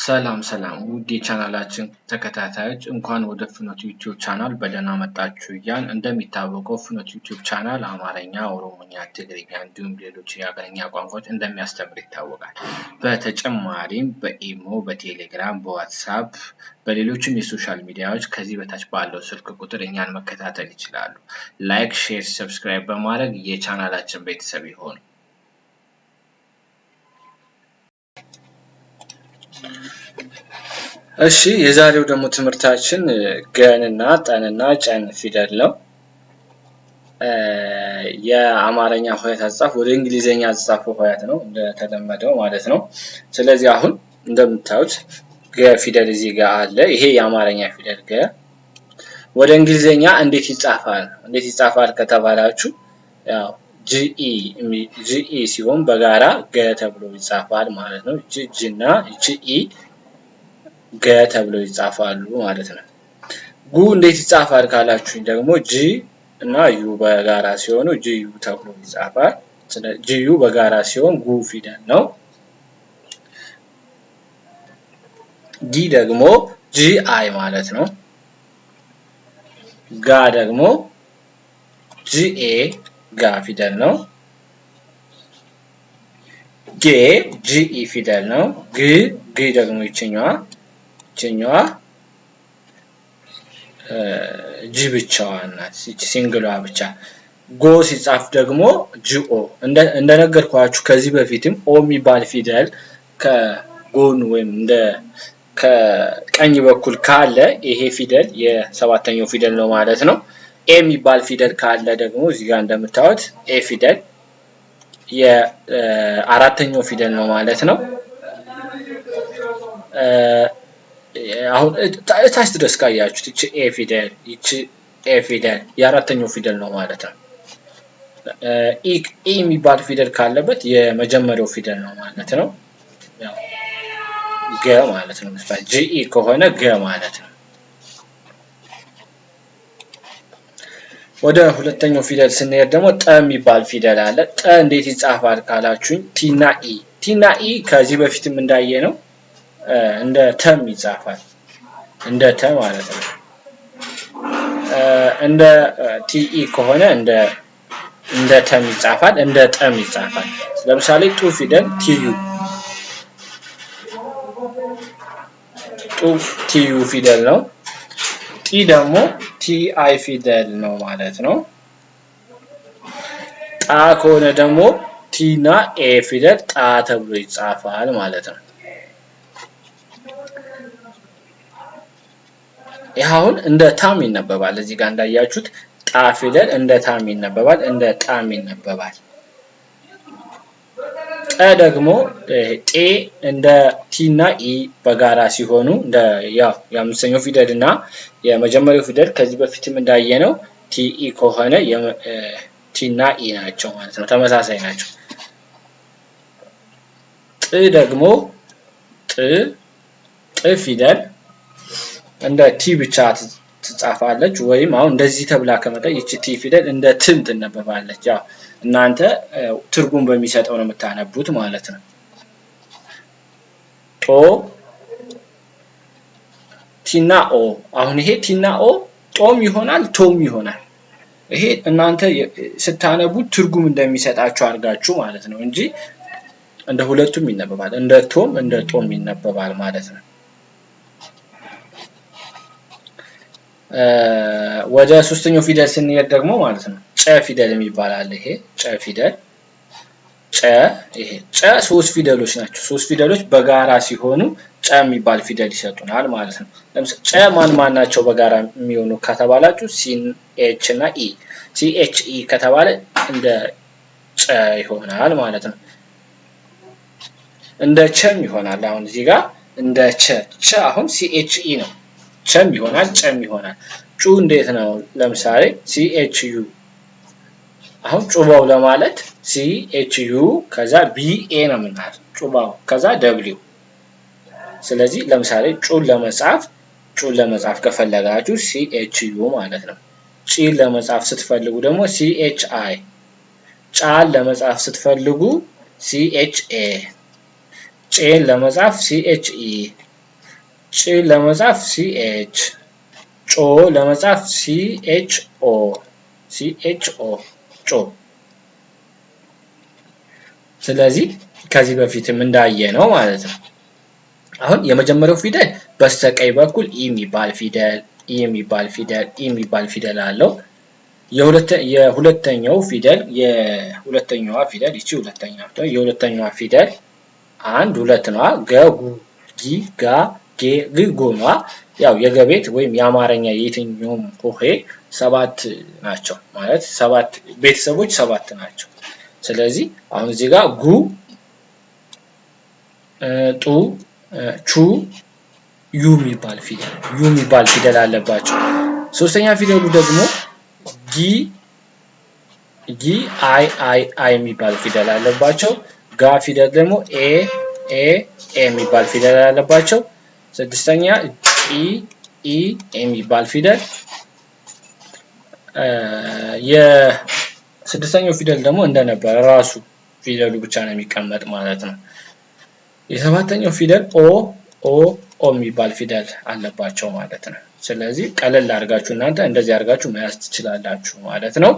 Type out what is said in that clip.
ሰላም ሰላም ውድ የቻናላችን ተከታታዮች እንኳን ወደ ፍኖት ዩቲዩብ ቻናል በደህና መጣችሁ እያን እንደሚታወቀው ፍኖት ዩቲዩብ ቻናል አማርኛ፣ ኦሮሞኛ፣ ትግርኛ እንዲሁም ሌሎች የሀገርኛ ቋንቋዎች እንደሚያስተምር ይታወቃል። በተጨማሪም በኢሞ፣ በቴሌግራም፣ በዋትሳፕ በሌሎችም የሶሻል ሚዲያዎች ከዚህ በታች ባለው ስልክ ቁጥር እኛን መከታተል ይችላሉ። ላይክ፣ ሼር፣ ሰብስክራይብ በማድረግ የቻናላችን ቤተሰብ ይሆኑ። እሺ የዛሬው ደግሞ ትምህርታችን ገንና ጠንና ጨን ፊደል ነው። የአማርኛ ሆሄያት አጻፍ ወደ እንግሊዝኛ አጻፍ ሆሄያት ነው እንደተለመደው ማለት ነው። ስለዚህ አሁን እንደምታዩት ገ ፊደል እዚህ ጋር አለ። ይሄ የአማርኛ ፊደል ገ ወደ እንግሊዝኛ እንዴት ይጻፋል? እንዴት ይጻፋል ከተባላችሁ ያው ጂኢ ሲሆን በጋራ ገ ተብሎ ይጻፋል ማለት ነው። ጅ እና ጂኢ ገ ተብሎ ይጻፋሉ ማለት ነው። ጉ እንዴት ይጻፋል ካላችሁኝ ደግሞ ጂ እና ዩ በጋራ ሲሆኑ ጂዩ ተብሎ ይጻፋል። ጂዩ በጋራ ሲሆን ጉ ፊደል ነው። ጊ ደግሞ ጂ አይ ማለት ነው። ጋ ደግሞ ጂኤ ጋ ፊደል ነው። ጌ ጂኢ ፊደል ነው። ግ ግ ደግሞ ይችኛዋ ይችኛዋ ጂ ብቻዋን ናት። ሲንግሏ ብቻ ጎ ሲጻፍ ደግሞ ጂኦ እንደነገርኳችሁ ከዚህ በፊትም ኦ የሚባል ፊደል ከጎን ወይም እንደ ከቀኝ በኩል ካለ ይሄ ፊደል የሰባተኛው ፊደል ነው ማለት ነው። ኤ የሚባል ፊደል ካለ ደግሞ እዚህ ጋር እንደምታዩት ኤ ፊደል የአራተኛው ፊደል ነው ማለት ነው። አሁን እታች ድረስ ካያችሁት ይቺ ኤ ፊደል ይቺ ኤ ፊደል የአራተኛው ፊደል ነው ማለት ነው። ኢ የሚባል ፊደል ካለበት የመጀመሪያው ፊደል ነው ማለት ነው። ገ ማለት ነው። ጂኢ ከሆነ ገ ማለት ነው። ወደ ሁለተኛው ፊደል ስንሄድ ደግሞ ጠ የሚባል ፊደል አለ። ጠ እንዴት ይጻፋል ካላችሁኝ፣ ቲና ኢ ቲና ኢ ከዚህ በፊትም እንዳየ ነው እንደ ተም ይጻፋል፣ እንደ ተ ማለት ነው። እንደ ቲኢ ከሆነ እንደ እንደ ተም ይጻፋል፣ እንደ ጠም ይጻፋል። ለምሳሌ ጡ ፊደል ቲዩ ጡ ቲዩ ፊደል ነው። ደግሞ ቲ አይ ፊደል ነው ማለት ነው። ጣ ከሆነ ደግሞ ቲና ኤ ፊደል ጣ ተብሎ ይጻፋል ማለት ነው። ይህ አሁን እንደ ታም ይነበባል። እዚህ ጋር እንዳያችሁት ጣ ፊደል እንደ ታም ይነበባል፣ እንደ ጣም ይነበባል። ደግሞ ጤ እንደ ቲ እና ኢ በጋራ ሲሆኑ የአምስተኛው ፊደል እና የመጀመሪያው ፊደል ከዚህ በፊትም እንዳየነው ቲ ኢ ከሆነ ቲ እና ኢ ናቸው ማለት ነው። ተመሳሳይ ናቸው። ጥ ደግሞ ጥ ጥ ፊደል እንደ ቲ ብቻ ትጻፋለች ወይም አሁን እንደዚህ ተብላ ከመጣ ይቺ ቲ ፊደል እንደ ትም ትነበባለች። ያው እናንተ ትርጉም በሚሰጠው ነው የምታነቡት ማለት ነው። ጦ ቲና ኦ። አሁን ይሄ ቲና ኦ ጦም ይሆናል ቶም ይሆናል። ይሄ እናንተ ስታነቡት ትርጉም እንደሚሰጣችሁ አድርጋችሁ ማለት ነው እንጂ እንደ ሁለቱም ይነበባል። እንደ ቶም እንደ ጦም ይነበባል ማለት ነው። ወደ ሶስተኛው ፊደል ስንሄድ ደግሞ ማለት ነው ጨ ፊደል የሚባል አለ። ይሄ ጨ ፊደል ጨ ይሄ ጨ ሶስት ፊደሎች ናቸው። ሶስት ፊደሎች በጋራ ሲሆኑ ጨ የሚባል ፊደል ይሰጡናል ማለት ነው። ለምሳሌ ጨ ማን ማን ናቸው በጋራ የሚሆኑ ከተባላችሁ ሲን ኤች እና ኢ ሲ ኤች ኢ ከተባለ እንደ ጨ ይሆናል ማለት ነው። እንደ ቸም ይሆናል። አሁን እዚህ ጋር እንደ ቸ ቸ አሁን ሲ ኤች ኢ ነው። ቸም ይሆናል፣ ጨም ይሆናል። ጩ እንዴት ነው? ለምሳሌ ሲኤችዩ አሁን ጩባው ለማለት ሲኤችዩ ከዛ ቢኤ ነው የምናል ጩባው ከዛ ደብሊው። ስለዚህ ለምሳሌ ጩን ለመጻፍ ጩን ለመጻፍ ከፈለጋችሁ ሲኤችዩ ማለት ነው። ጪን ለመጻፍ ስትፈልጉ ደግሞ ሲኤች አይ፣ ጫን ለመጻፍ ስትፈልጉ ሲኤች ኤ፣ ጬን ለመጻፍ ሲኤች ኢ ጭ ለመጻፍ ሲኤች ጮ ለመጻፍ ሲኤች ኦ ሲኤች ኦ ጮ። ስለዚህ ከዚህ በፊትም እንዳየ ነው ማለት ነው። አሁን የመጀመሪያው ፊደል በስተቀኝ በኩል ኢ የሚባል ፊደል ኢ የሚባል ፊደል ኢ የሚባል ፊደል አለው። የሁለተኛው ፊደል የሁለተኛዋ ፊደል ይቺ ሁለተኛ የሁለተኛዋ ፊደል አንድ ሁለት ነዋ ገጉ ጉ ጊ ጋ ጌግጎኗ ያው የገቤት ወይም የአማርኛ የትኛውም ሆሄ ሰባት ናቸው ማለት ሰባት ቤተሰቦች ሰባት ናቸው። ስለዚህ አሁን እዚህ ጋር ጉ ጡ ቹ ዩ የሚባል ፊደል ዩ የሚባል ፊደል አለባቸው። ሶስተኛ ፊደሉ ደግሞ ጊ ጊ አይ አይ አይ የሚባል ፊደል አለባቸው። ጋ ፊደል ደግሞ ኤ ኤ ኤ የሚባል ፊደል አለባቸው። ስድስተኛ ኢ ኢ የሚባል ፊደል የስድስተኛው ፊደል ደግሞ እንደነበረ ራሱ ፊደሉ ብቻ ነው የሚቀመጥ ማለት ነው። የሰባተኛው ፊደል ኦ ኦ ኦ የሚባል ፊደል አለባቸው ማለት ነው። ስለዚህ ቀለል አድርጋችሁ እናንተ እንደዚህ አድርጋችሁ መያዝ ትችላላችሁ ማለት ነው።